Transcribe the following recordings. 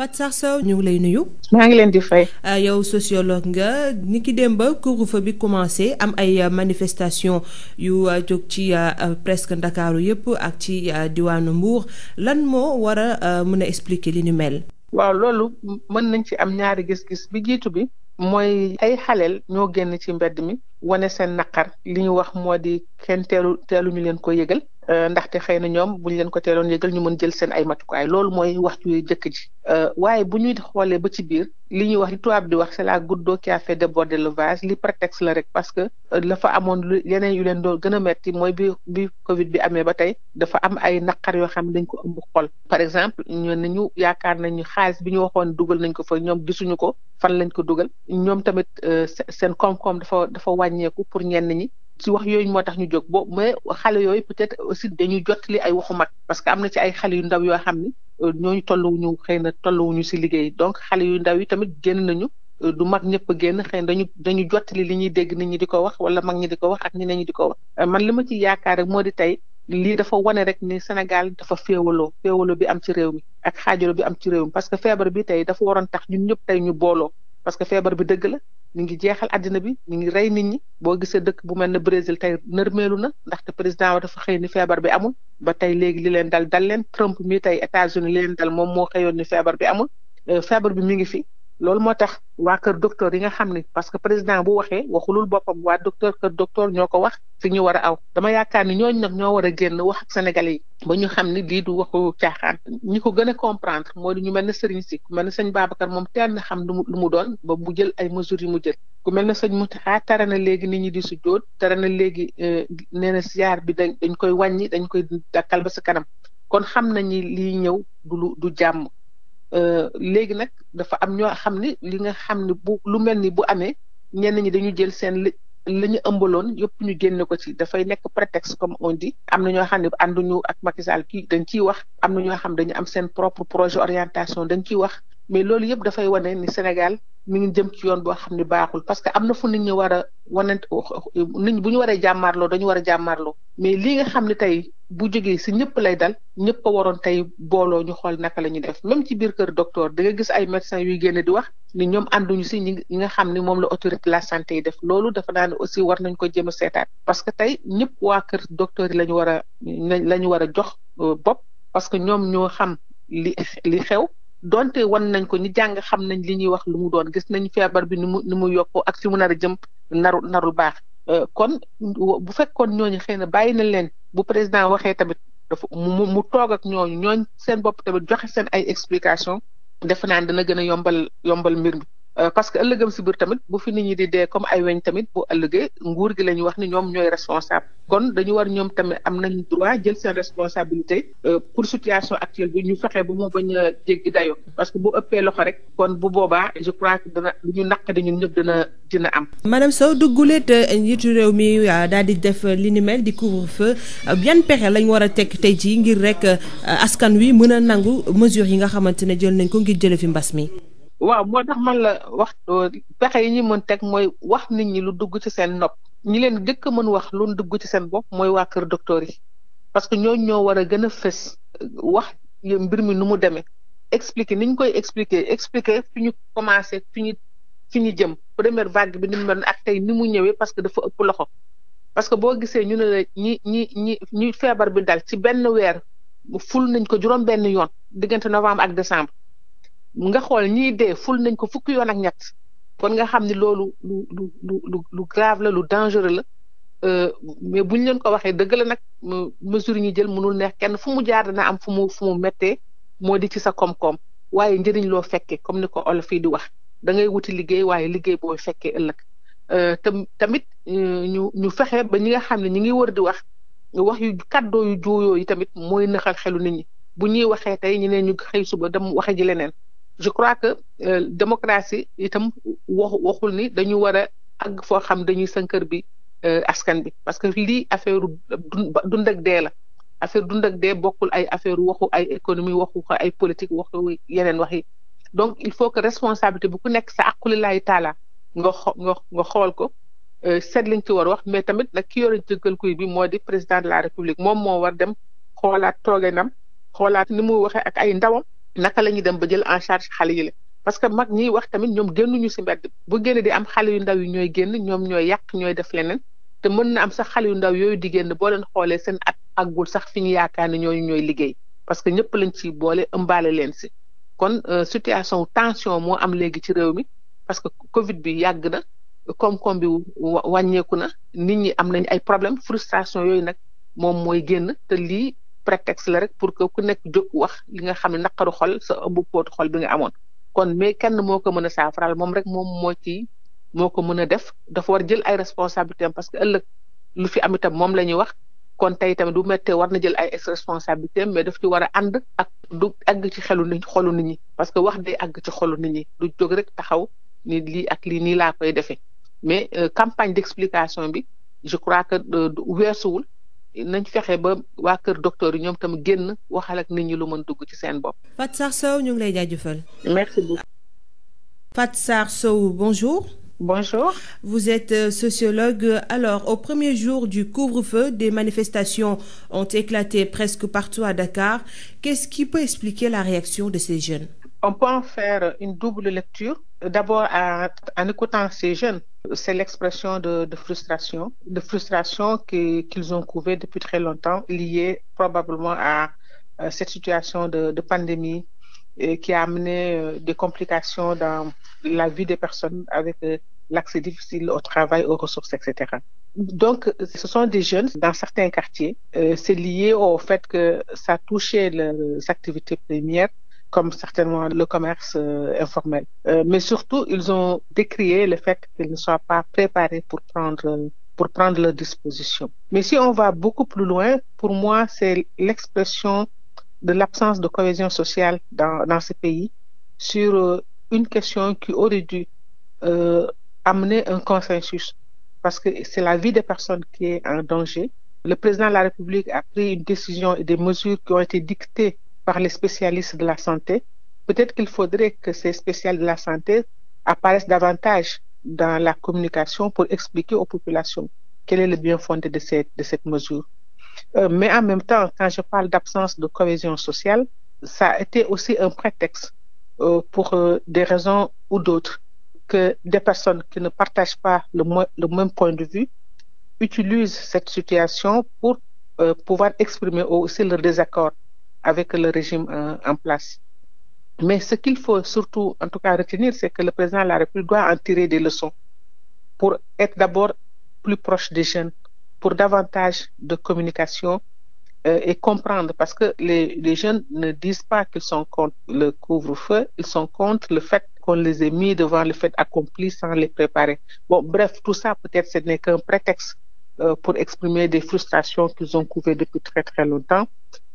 Fatou Sarr Sow ñu ngi lay nuyu. maa ngi leen di fay. Euh, yow sociologue nga ni ki ba couvre fa bi commencé am ay euh, manifestation yu euh, jóg ci presque ndakaaru yépp ak ci diwaanu Mbour lan moo war a mën a expliquer li ni mel. waaw loolu mën nañ ci am ñaari gis-gis bi jiitu bi. mooy ay xaleel ñoo génn ci mbedd mi wane seen naqar li ñu wax moo di kenn teelu teelu ñu leen ko yëgal Euh, ndaxte xëy na ñoom buñ leen ko teeloon yëgal ñu mën jël seen ay matukaay loolu mooy wax ju jëkk ji euh, waaye bu ñuy xoolee ba ci biir li ñuy wax li di wax c'est la goutte d'eau qui a fait déborder le vase li prétexte la rek que dafa euh, amoon lu yeneen yu leen doon gën a metti mooy bi bi Covid bi amee ba tey dafa am ay naqar yoo xam ne dañ ko ëmb xol par exemple ñu ne ñu yaakaar nañu xaalis bi ñu waxoon dugal nañ ko fa ñoom gisuñu ko fan lañ ko dugal ñoom tamit seen koom-koom dafa dafa wàññeeku pour ñenn ñi ci wax yooyu moo tax ñu jóg bo mais xale yooyu peut-être aussi dañuy jottali ay waxu mag parce que am na ci ay xale yu ndaw yoo xam ni euh, ñooñu tolluwuñu xëy na tolluwuñu si liggéey donc xale yu ndaw yi tamit génn nañu euh, du mag ñëpp a génn xëy na dañu dañu jottali li ñuy dégg nit ñi di ko wax wala mag ñi di ko wax ak ñeneen ñi di ko wax euh, man li ma ci yaakaar rek moo di tey lii dafa wane rek ni Sénégal dafa féewaloo féewaloo bi am ci réew mi ak xaajaloo bi am ci réew mi parce que feebar bi tey dafa waroon tax ñun ñëpp tey ñu booloo parce que feebar bi dëgg la mi ngi jeexal àddina bi mi ngi rey nit ñi boo gisee dëkk bu mel ne Brésil tey nërmeelu na ndaxte président wa dafa xëy ni feebar bi amul ba tey léegi li leen dal dal leen Trump mi tey États-Unis li leen dal moom moo xëyoon ni feebar bi amul euh, feebar bi mi ngi fi loolu moo tax waa kër docteur yi nga xam ne parce que président bu waxee waxulul boppam waa docteur kër docteur ñoo ko wax fi ñu war a aw dama yaakaar ni ñooñ nag ñoo war a génn wax ak sénégalais yi ba ñu xam ni lii du waxu caaxaan ñi ko gën a comprendre mooy di ñu mel ne sëriñ si ku mel ne sëñ Babacar moom ten na xam lu mu lu mu doon ba mu jël ay mesures yi mu jël ku mel ne sëñ Mountakha tere na léegi nit ñi di su jóot tere na léegi euh, nee na siyaar bi dañ dañ koy wàññi dañ koy dakkal ba sa kanam kon xam nañu lii ñëw du du jàmm Euh, léegi nag dafa am ñoo xam ne li nga xam ne bu lu mel ni bu amee ñenn ñi dañu jël seen li la ñu ëmbaloon yëpp ñu génne ko ci dafay nekk prétexte comme on dit am na ñoo xam ne ànduñu ak Macky Sall kii dañ ciy wax am na ñoo xam dañu am seen propre projet orientation dañ ciy wax mais loolu yëpp dafay wane ni Sénégal mu ngi jëm ci yoon boo xam ne baaxul parce que am na fu nit ñi war a wanent nit ñi bu ñu waree jàmmaarloo dañu war a jàmmaarloo mais lii nga xam ne tey bu jógee si ñëpp lay dal ñëpp waroon tey booloo ñu xool naka la ñuy def même ci biir kër docteur da gis ay médecins yuy génne di wax ni ñoom ànduñu si ñi nga xam ni moom la autorité la santé yi def loolu dafa ne aussi war nañ ko jéem a seetaat parce que tey ñëpp waa kër docteur yi la ñu war a la ñu war a jox euh, bopp parce que ñoom ñoo xam li li xew donte wan nañ ko ñi jàng xam nañ li ñuy wax lu mu doon gis nañ feebar bi ni mu ni mu yokkoo ak fi mu nar a jëm naru narul baax euh, kon bu fekkoon ñooñu xëy na bàyyi na leen bu président waxee tamit dafa mu mu toog ak ñooñu ñooñ seen bopp tamit joxe seen ay explication defe naa dana gën a yombal yombal mbir mi Euh, parce que ëllëgam si biir tamit bu fi nit ñi di dee comme ay weñ tamit bu ëllëgee nguur gi la ñu wax ni ñoom ñooy responsable kon dañu war ñoom tamit am nañ droit jël seen responsabilité euh, pour situation actuelle bi ñu fexe ba moo bañ a jéggi dayo parce que boo ëppee loxo rek kon bu boobaa je crois que dana lu ñu naq di ñun ñëpp dina dina am. madame Sow dugguleet njiitu réew mi euh, daal di def li ni mel di couvre-feu yan pexe lañ war a teg tey jii ngir rek askan wi mën a nangu mesures yi nga xamante ne jël nañ ko ngir jële fi mbas mi. waaw moo tax man la wax pexe yi ñu mën teg mooy wax nit ñi lu dugg ci seen nopp ñi leen a mën wax lu dugg ci seen bopp mooy waa kër docteur yi parce que ñooñu ñoo war a gën a fës wax mbir mi nu mu demee expliquer niñ koy expliquer expliquer fi ñu commencé fi ñu ñu jëm première vague bi ni mu mel ak tey ni mu ñëwee parce que dafa ëpp loxo parce que boo gisee ñu ne la ñi ñi ñi feebar bi dal ci benn weer ful nañ ko juróom benn yoon diggante novembre ak décembre nga xool ñiy de ful nañ ko fukki yoon ak ñett kon nga xam ni loolu lu lu lu lu grave la lu dangereux la euh, mais buñ leen ko waxee dëgg la nag mesure yi jël mënul neex kenn fu mu jaar dana am fu mu fu mu méttee moo di ci sa koom-koom waaye njëriñ loo fekkee comme ni ko olof yi di wax da ngay wuti liggéey waaye liggéey boo fekkee ëllëg euh, te tamit euh, ñu ñu fexe ba ñi nga xam ne ñi ngi wër di wax wax yu kàddoo yu juuyoo tamit mooy naxal xelu nit ñi bu ñuy waxee tey ñu ne ñu xëy suba dem waxe ji leneen. je crois que euh, démocratie itam wax waxul ni dañu war a àgg foo xam dañuy sënkër bi euh, askan bi parce que lii affaire dund ak dee la affaire dund ak dee bokkul ay affaire waxu ay économie waxu ay politique waxu yeneen wax yi donc il faut que responsabilité bu ku nekk sa àquli laay taala nga xo nga nga xool ko euh, seet lañ ci war wax mais tamit nag ki yore jëkkal kuy bi moo di président de la république moom moo war dem xoolaat tooge nam xoolaat ni muy waxee ak ay ndawam naka la ñuy dem ba jël en charge xale yi la parce que mag ñiy wax tamit ñoom génnuñu si mbedd bu génn di am xale yu ndaw yi ñooy génn ñoom ñooy yàq ñooy def leneen te mën na am sax xale yu ndaw yooyu di génn boo leen xoolee seen at àggul sax fi ñu yaakaar ne ñooñu ñooy liggéey parce que ñëpp lañ ciy boole ëmbaale leen si kon euh, situation tension moo am léegi ci réew mi parce que Covid bi yàgg na koom-koom bi wàññeeku na nit ñi am nañ ay problème frustration yooyu nag moom mooy génn te lii rek prétexte la rek pour que ku nekk jóg wax li nga xam ne naqaru xol so ëmb póotu xol bi amoon kon mais kenn moo ko mën a saafaraal moom rek moom moo ci moo ko mën a def dafa war jël ay responsabilités parce que ëllëg lu fi am itam moom la ñuy wax kon tey tamit du méttee war na jël ay responsabilités am mais daf ci war a ànd ak du àgg ci xelu nit xolu nit ñi parce que wax day àgg ci xolu nit ñi du jóg rek taxaw ni lii ak lii nii laa koy defee mais euh, campagne d'explication bi je crois que euh, weesuwul nañ fexe ba waa kër docteur yi ñoom tam génn waxal ak nit ñi lu mën dugg ci seen bopp. Fatou Sarr Sow ñu ngi lay jaajëfal. merci beaucoup. Fatou Sarr Sow bonjour. Bonjour. Vous êtes euh, sociologue. Alors, au premier jour du couvre-feu, des manifestations ont éclaté presque partout à Dakar. Qu'est-ce qui peut expliquer la réaction de ces jeunes? on peut en faire une double lecture. D'abord, en écoutant ces jeunes, c'est l'expression de, de, frustration, de frustration qu'ils qu ont couvée depuis très longtemps, liée probablement à, à cette situation de, de pandémie et qui a amené euh, des complications dans la vie des personnes avec euh, l'accès difficile au travail, aux ressources, etc. Donc, ce sont des jeunes dans certains quartiers. Euh, c'est lié au fait que ça touchait leurs activités premières, comme certainement le commerce euh, informel. Euh, mais surtout, ils ont décrié le fait qu'ils ne soient pas préparés pour prendre pour prendre leurs dispositions. Mais si on va beaucoup plus loin, pour moi, c'est l'expression de l'absence de cohésion sociale dans, dans ce pays sur euh, une question qui aurait dû euh, amener un consensus, parce que c'est la vie des personnes qui est en danger. Le président de la République a pris une décision et des mesures qui ont été dictées par les spécialistes de la santé, peut-être qu'il faudrait que ces spécialistes de la santé apparaissent davantage dans la communication pour expliquer aux populations quel est le bien fondé de cette, de mesure. Euh, mais en même temps, quand je parle d'absence de cohésion sociale, ça aussi un prétexte euh, pour euh, des raisons ou d'autres que des personnes qui ne partagent pas le, le même point de vue utilisent cette situation pour euh, pouvoir exprimer aussi leur désaccord avec le régime euh, en place. Mais ce qu'il faut surtout, en tout cas, retenir, c'est que le président de la République doit en tirer des leçons pour être d'abord plus proche des jeunes, pour davantage de communication euh, et comprendre, parce que les, les, jeunes ne disent pas qu'ils sont contre le couvre-feu, ils sont contre le fait qu'on les ait mis devant le fait accompli sans les préparer. Bon, bref, tout ça peut-être ce n'est qu'un prétexte euh, pour exprimer des frustrations qu'ils ont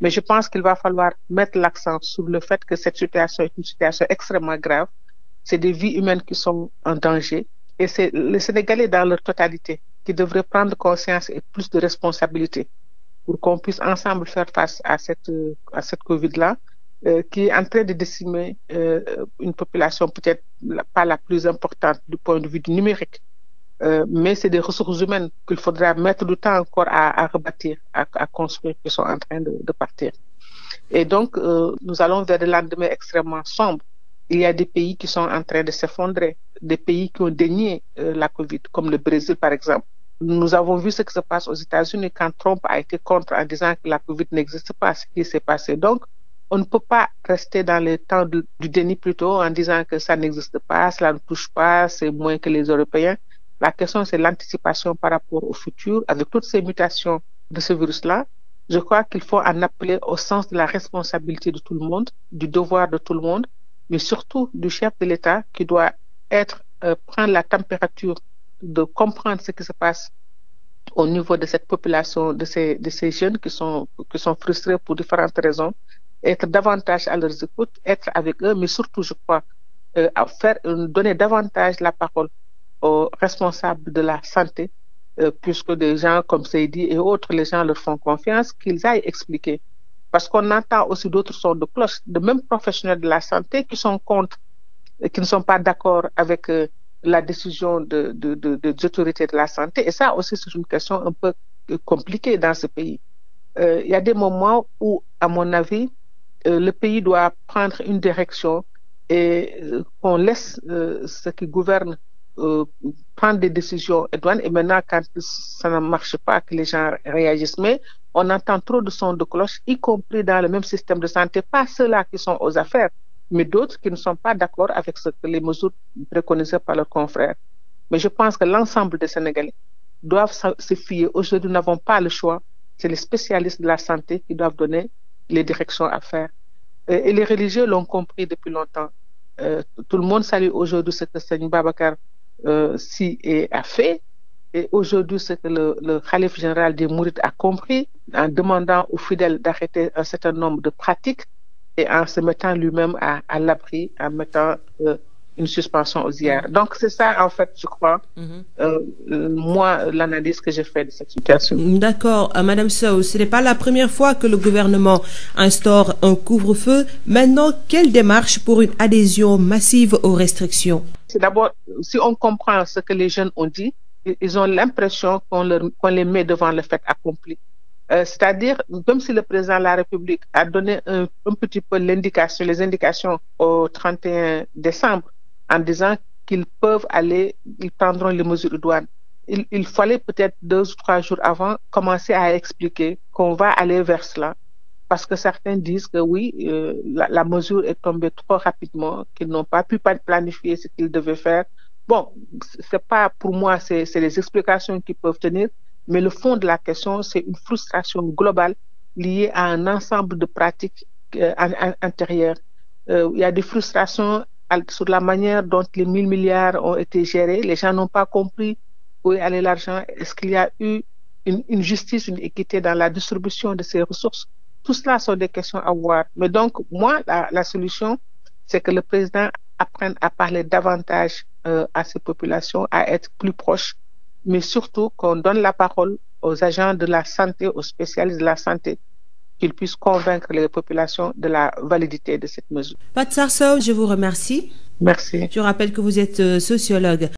Mais je pense qu'il va falloir mettre l'accent sur le fait que cette situation est une situation extrêmement grave. C'est des vies humaines qui sont en danger. Et c'est les Sénégalais dans leur totalité qui devraient prendre conscience et plus de responsabilité pour qu'on puisse ensemble faire face à cette, euh, à cette Covid-là. Euh, qui est en train de décimer euh, une population peut-être pas la plus importante du point de vue du numérique, Euh, mais c'est des ressources humaines qu'il faudra mettre du temps encore à, à rebâtir, à, à, construire, qui sont en train de, de partir. Et donc, euh, nous allons vers des lendemains extrêmement sombres. Il y a des pays qui sont en train de s'effondrer, des pays qui ont dénié euh, la COVID, comme le Brésil, par exemple. Nous avons vu ce qui se passe aux États-Unis quand Trump a été contre en disant que la COVID Donc, dans le temps du, du déni plutôt en disant que n'existe pas, cela ne touche pas, c'est moins que les Européens. La question, c'est l'anticipation par rapport au futur, avec toutes ces mutations de ce virus-là. Je crois qu'il faut en appeler au sens de la responsabilité de tout le monde, du devoir de tout le monde, mais surtout du chef de l'État qui doit être, euh, prendre la température, de comprendre ce qui se passe au niveau de cette population, de ces, de ces jeunes qui sont, frustrés pour différentes raisons, être davantage à leurs écoutes, être avec eux, mais surtout, je crois, euh, à faire, euh, la parole aux responsables de la santé, euh, puisque des gens comme Seydi et autres, les gens leur font confiance, qu'ils aillent expliquer. Parce qu'on entend aussi d'autres sortes de cloches, de même professionnels de la santé qui sont contre, euh, qui ne sont pas d'accord avec euh, la décision de, de, de, des autorités de la santé. Et ça aussi, c'est une question un peu euh, compliquée dans ce pays. Il euh, y a des moments où, à mon avis, le pays doit prendre une direction et qu'on laisse ceux qui gouvernent euh, prendre des décisions étoiles et maintenant quand ça ne marche pas que les gens réagissent mais on entend trop de sons de cloche y compris dans le même système de santé pas ceux-là qui sont aux affaires mais d'autres qui ne sont pas d'accord avec ce que les mesures préconisées par leurs confrères mais je pense que l'ensemble des Sénégalais doivent se fier aujourd'hui nous n'avons pas le choix c'est les spécialistes de la santé qui doivent donner les directions à faire et, et les religieux l'ont compris depuis euh, tout le monde salue aujourd'hui ce que Babacar euh, si et a fait. Et aujourd'hui, ce que le, le calife général des Mourites a compris, en demandant aux fidèles d'arrêter un certain nombre de pratiques et en se mettant lui-même à, à l'abri, en mettant euh, une suspension aux IR. Mm-hmm. Donc, c'est ça, en fait, je crois, mm -hmm. euh, moi, l'analyse que j'ai faite de cette situation. D'accord. Euh, Madame Sow, ce n'est pas la première fois que le gouvernement instaure un couvre-feu. Maintenant, quelle démarche pour une adhésion massive aux restrictions c'est d'abord, si on comprend ce que les jeunes ont dit, ils ont l'impression qu'on qu'on les met devant le fait accompli. Euh, c'est-à-dire, même si le président de la République a donné un, un petit peu l'indication, les indications au 31 décembre, en disant qu'ils peuvent aller, ils prendront les mesures de douane. il fallait peut-être deux ou trois jours avant commencer à expliquer qu'on va aller vers cela, parce que certains disent que oui, euh, la, la, mesure est tombée trop rapidement, qu'ils n'ont pas pu planifier ce qu'ils devaient faire. Bon, c'est pas pour moi, c'est les explications qui peuvent tenir, mais le fond de la question, c'est une frustration globale liée à un ensemble de pratiques euh, intérieures. Euh, il y a des frustrations sur la manière dont les 1000 milliards ont été gérés. Les gens n'ont pas compris où est l'argent. Est-ce qu'il y a eu une, une justice, une équité dans la distribution de ces ressources? tout cela sont des questions à voir. Mais donc, moi, la, solution, c'est que le président apprenne à parler davantage euh, à ces populations, à être plus proche, mais surtout qu'on donne la parole aux agents de la santé, aux spécialistes de la santé, qu'ils puissent convaincre les populations de la validité de cette mesure. Pat Sarsow, je vous remercie. Merci. Je rappelle que vous êtes euh, sociologue.